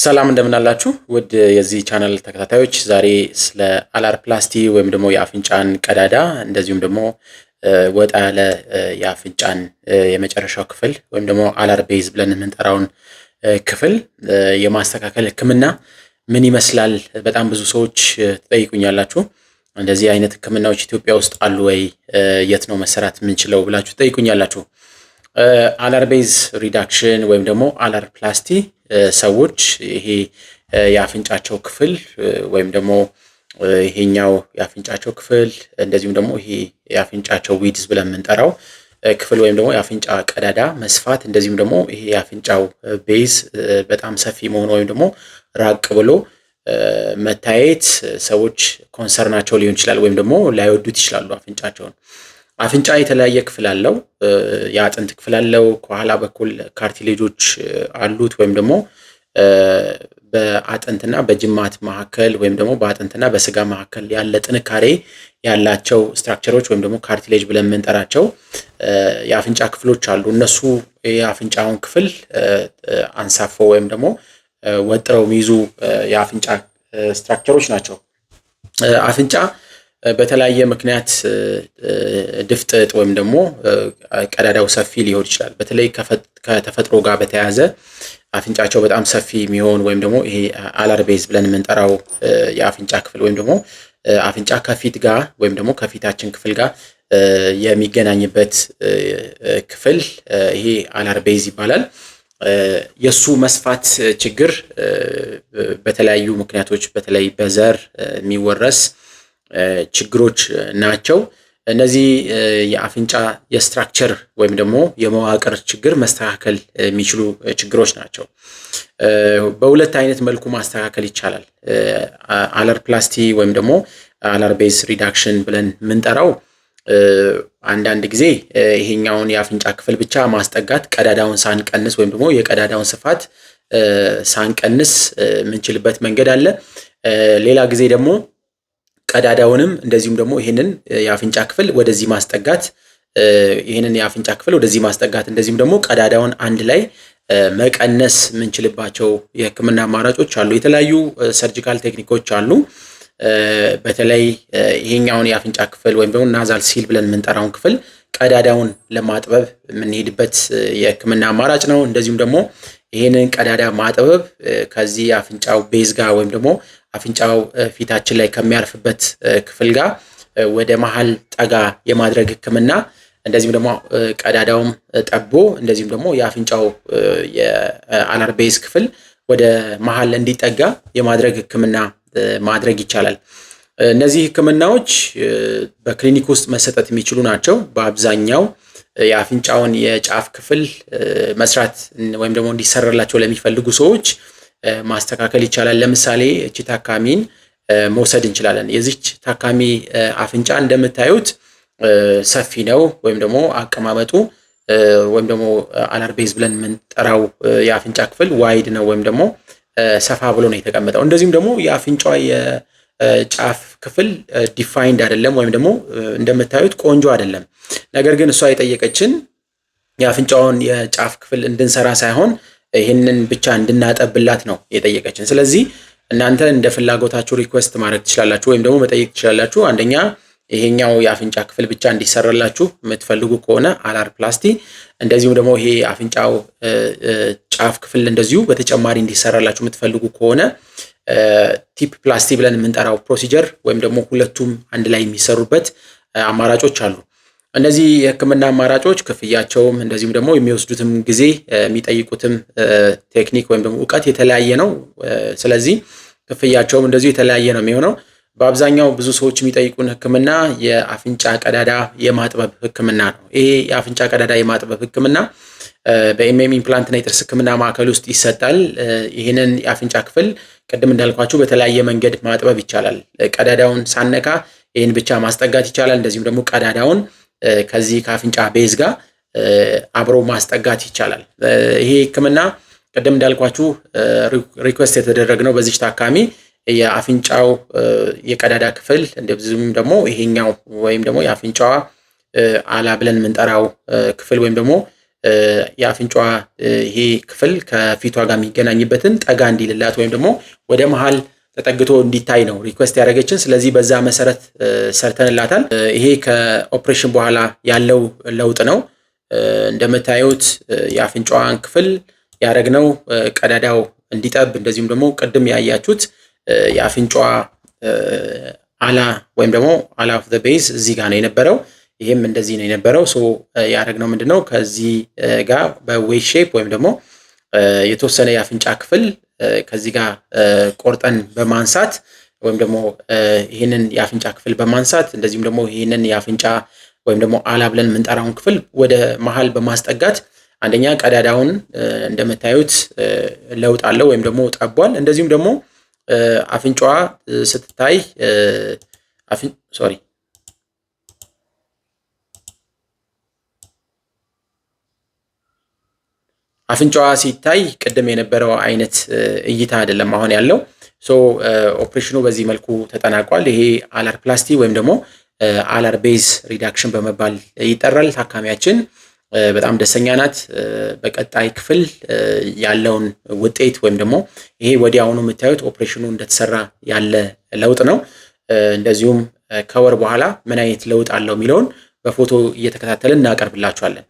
ሰላም እንደምናላችሁ ውድ የዚህ ቻናል ተከታታዮች፣ ዛሬ ስለ አላር ፕላስቲ ወይም ደግሞ የአፍንጫን ቀዳዳ እንደዚሁም ደግሞ ወጣ ያለ የአፍንጫን የመጨረሻው ክፍል ወይም ደግሞ አላር ቤዝ ብለን የምንጠራውን ክፍል የማስተካከል ሕክምና ምን ይመስላል? በጣም ብዙ ሰዎች ትጠይቁኛላችሁ። እንደዚህ አይነት ሕክምናዎች ኢትዮጵያ ውስጥ አሉ ወይ? የት ነው መሰራት የምንችለው ብላችሁ ትጠይቁኛላችሁ። አላር ቤዝ ሪዳክሽን ወይም ደግሞ አላር ፕላስቲ ሰዎች ይሄ የአፍንጫቸው ክፍል ወይም ደግሞ ይሄኛው የአፍንጫቸው ክፍል እንደዚሁም ደግሞ ይሄ የአፍንጫቸው ዊድዝ ብለን የምንጠራው ክፍል ወይም ደግሞ የአፍንጫ ቀዳዳ መስፋት እንደዚሁም ደግሞ ይሄ የአፍንጫው ቤዝ በጣም ሰፊ መሆኑ ወይም ደግሞ ራቅ ብሎ መታየት ሰዎች ኮንሰርናቸው ሊሆን ይችላል፣ ወይም ደግሞ ላይወዱት ይችላሉ አፍንጫቸውን። አፍንጫ የተለያየ ክፍል አለው። የአጥንት ክፍል አለው። ከኋላ በኩል ካርቲሌጆች አሉት ወይም ደግሞ በአጥንትና በጅማት መካከል ወይም ደግሞ በአጥንትና በስጋ መካከል ያለ ጥንካሬ ያላቸው ስትራክቸሮች ወይም ደግሞ ካርቲሌጅ ብለን የምንጠራቸው የአፍንጫ ክፍሎች አሉ። እነሱ የአፍንጫውን ክፍል አንሳፎ ወይም ደግሞ ወጥረው የሚይዙ የአፍንጫ ስትራክቸሮች ናቸው። አፍንጫ በተለያየ ምክንያት ድፍጥጥ ወይም ደግሞ ቀዳዳው ሰፊ ሊሆን ይችላል። በተለይ ከተፈጥሮ ጋር በተያያዘ አፍንጫቸው በጣም ሰፊ የሚሆን ወይም ደግሞ ይሄ አላር ቤዝ ብለን የምንጠራው የአፍንጫ ክፍል ወይም ደግሞ አፍንጫ ከፊት ጋር ወይም ደግሞ ከፊታችን ክፍል ጋር የሚገናኝበት ክፍል ይሄ አላር ቤዝ ይባላል። የእሱ መስፋት ችግር በተለያዩ ምክንያቶች በተለይ በዘር የሚወረስ ችግሮች ናቸው። እነዚህ የአፍንጫ የስትራክቸር ወይም ደግሞ የመዋቅር ችግር መስተካከል የሚችሉ ችግሮች ናቸው። በሁለት አይነት መልኩ ማስተካከል ይቻላል። አለር ፕላስቲ ወይም ደግሞ አለር ቤዝ ሪዳክሽን ብለን የምንጠራው አንዳንድ ጊዜ ይሄኛውን የአፍንጫ ክፍል ብቻ ማስጠጋት ቀዳዳውን ሳንቀንስ ወይም ደግሞ የቀዳዳውን ስፋት ሳንቀንስ የምንችልበት መንገድ አለ። ሌላ ጊዜ ደግሞ ቀዳዳውንም እንደዚሁም ደግሞ ይህንን የአፍንጫ ክፍል ወደዚህ ማስጠጋት ይህንን የአፍንጫ ክፍል ወደዚህ ማስጠጋት እንደዚሁም ደግሞ ቀዳዳውን አንድ ላይ መቀነስ የምንችልባቸው የህክምና አማራጮች አሉ። የተለያዩ ሰርጂካል ቴክኒኮች አሉ። በተለይ ይሄኛውን የአፍንጫ ክፍል ወይም ደግሞ ናዛል ሲል ብለን የምንጠራውን ክፍል ቀዳዳውን ለማጥበብ የምንሄድበት የህክምና አማራጭ ነው። እንደዚሁም ደግሞ ይህንን ቀዳዳ ማጥበብ ከዚህ የአፍንጫው ቤዝ ጋር ወይም ደግሞ አፍንጫው ፊታችን ላይ ከሚያርፍበት ክፍል ጋር ወደ መሀል ጠጋ የማድረግ ህክምና እንደዚሁም ደግሞ ቀዳዳውም ጠቦ እንደዚሁም ደግሞ የአፍንጫው የአናር ቤዝ ክፍል ወደ መሀል እንዲጠጋ የማድረግ ህክምና ማድረግ ይቻላል። እነዚህ ህክምናዎች በክሊኒክ ውስጥ መሰጠት የሚችሉ ናቸው። በአብዛኛው የአፍንጫውን የጫፍ ክፍል መስራት ወይም ደግሞ እንዲሰራላቸው ለሚፈልጉ ሰዎች ማስተካከል ይቻላል። ለምሳሌ እቺ ታካሚን መውሰድ እንችላለን። የዚች ታካሚ አፍንጫ እንደምታዩት ሰፊ ነው፣ ወይም ደግሞ አቀማመጡ ወይም ደግሞ አናርቤዝ ብለን የምንጠራው የአፍንጫ ክፍል ዋይድ ነው፣ ወይም ደግሞ ሰፋ ብሎ ነው የተቀመጠው። እንደዚሁም ደግሞ የአፍንጫዋ የጫፍ ክፍል ዲፋይንድ አይደለም፣ ወይም ደግሞ እንደምታዩት ቆንጆ አይደለም። ነገር ግን እሷ የጠየቀችን የአፍንጫውን የጫፍ ክፍል እንድንሰራ ሳይሆን ይህንን ብቻ እንድናጠብላት ነው የጠየቀችን። ስለዚህ እናንተ እንደ ፍላጎታችሁ ሪኩዌስት ማድረግ ትችላላችሁ ወይም ደግሞ መጠየቅ ትችላላችሁ። አንደኛ ይሄኛው የአፍንጫ ክፍል ብቻ እንዲሰራላችሁ የምትፈልጉ ከሆነ አላር ፕላስቲ፣ እንደዚሁም ደግሞ ይሄ አፍንጫው ጫፍ ክፍል እንደዚሁ በተጨማሪ እንዲሰራላችሁ የምትፈልጉ ከሆነ ቲፕ ፕላስቲ ብለን የምንጠራው ፕሮሲጀር ወይም ደግሞ ሁለቱም አንድ ላይ የሚሰሩበት አማራጮች አሉ። እነዚህ የህክምና አማራጮች ክፍያቸውም እንደዚሁም ደግሞ የሚወስዱትም ጊዜ የሚጠይቁትም ቴክኒክ ወይም ደግሞ እውቀት የተለያየ ነው። ስለዚህ ክፍያቸውም እንደዚሁ የተለያየ ነው የሚሆነው። በአብዛኛው ብዙ ሰዎች የሚጠይቁን ህክምና የአፍንጫ ቀዳዳ የማጥበብ ህክምና ነው። ይሄ የአፍንጫ ቀዳዳ የማጥበብ ህክምና በኤምኤም ኢምፕላንትና የጥርስ ህክምና ማዕከል ውስጥ ይሰጣል። ይህንን የአፍንጫ ክፍል ቅድም እንዳልኳችሁ በተለያየ መንገድ ማጥበብ ይቻላል። ቀዳዳውን ሳነካ ይህን ብቻ ማስጠጋት ይቻላል። እንደዚሁም ደግሞ ቀዳዳውን ከዚህ ከአፍንጫ ቤዝ ጋር አብሮ ማስጠጋት ይቻላል። ይሄ ህክምና ቅድም እንዳልኳችሁ ሪኩዌስት የተደረግነው በዚች ታካሚ የአፍንጫው የቀዳዳ ክፍል እንደዚሁም ደግሞ ይሄኛው ወይም ደግሞ የአፍንጫዋ አላ ብለን የምንጠራው ክፍል ወይም ደግሞ የአፍንጫዋ ይሄ ክፍል ከፊቷ ጋር የሚገናኝበትን ጠጋ እንዲልላት ወይም ደግሞ ወደ መሀል ተጠግቶ እንዲታይ ነው ሪኩዌስት ያደረገችን። ስለዚህ በዛ መሰረት ሰርተንላታል። ይሄ ከኦፕሬሽን በኋላ ያለው ለውጥ ነው። እንደምታዩት የአፍንጫዋን ክፍል ያደረግነው ቀዳዳው እንዲጠብ፣ እንደዚሁም ደግሞ ቅድም ያያችሁት የአፍንጫዋ አላ ወይም ደግሞ አላ ኦፍ ዘ ቤዝ እዚህ ጋር ነው የነበረው። ይሄም እንደዚህ ነው የነበረው። ሶ ያደረግነው ምንድነው ከዚህ ጋር በዌይ ሼፕ ወይም ደግሞ የተወሰነ የአፍንጫ ክፍል ከዚህ ጋር ቆርጠን በማንሳት ወይም ደግሞ ይህንን የአፍንጫ ክፍል በማንሳት እንደዚሁም ደግሞ ይህንን የአፍንጫ ወይም ደግሞ አላ ብለን የምንጠራውን ክፍል ወደ መሀል በማስጠጋት አንደኛ ቀዳዳውን እንደምታዩት ለውጥ አለው ወይም ደግሞ ጠቧል። እንደዚሁም ደግሞ አፍንጫዋ ስትታይ ሶሪ አፍንጫዋ ሲታይ ቅድም የነበረው አይነት እይታ አይደለም አሁን ያለው። ሶ ኦፕሬሽኑ በዚህ መልኩ ተጠናቋል። ይሄ አላር ፕላስቲ ወይም ደግሞ አላር ቤዝ ሪዳክሽን በመባል ይጠራል። ታካሚያችን በጣም ደስተኛ ናት። በቀጣይ ክፍል ያለውን ውጤት ወይም ደግሞ ይሄ ወዲያውኑ የምታዩት ኦፕሬሽኑ እንደተሰራ ያለ ለውጥ ነው። እንደዚሁም ከወር በኋላ ምን አይነት ለውጥ አለው የሚለውን በፎቶ እየተከታተልን እናቀርብላችኋለን።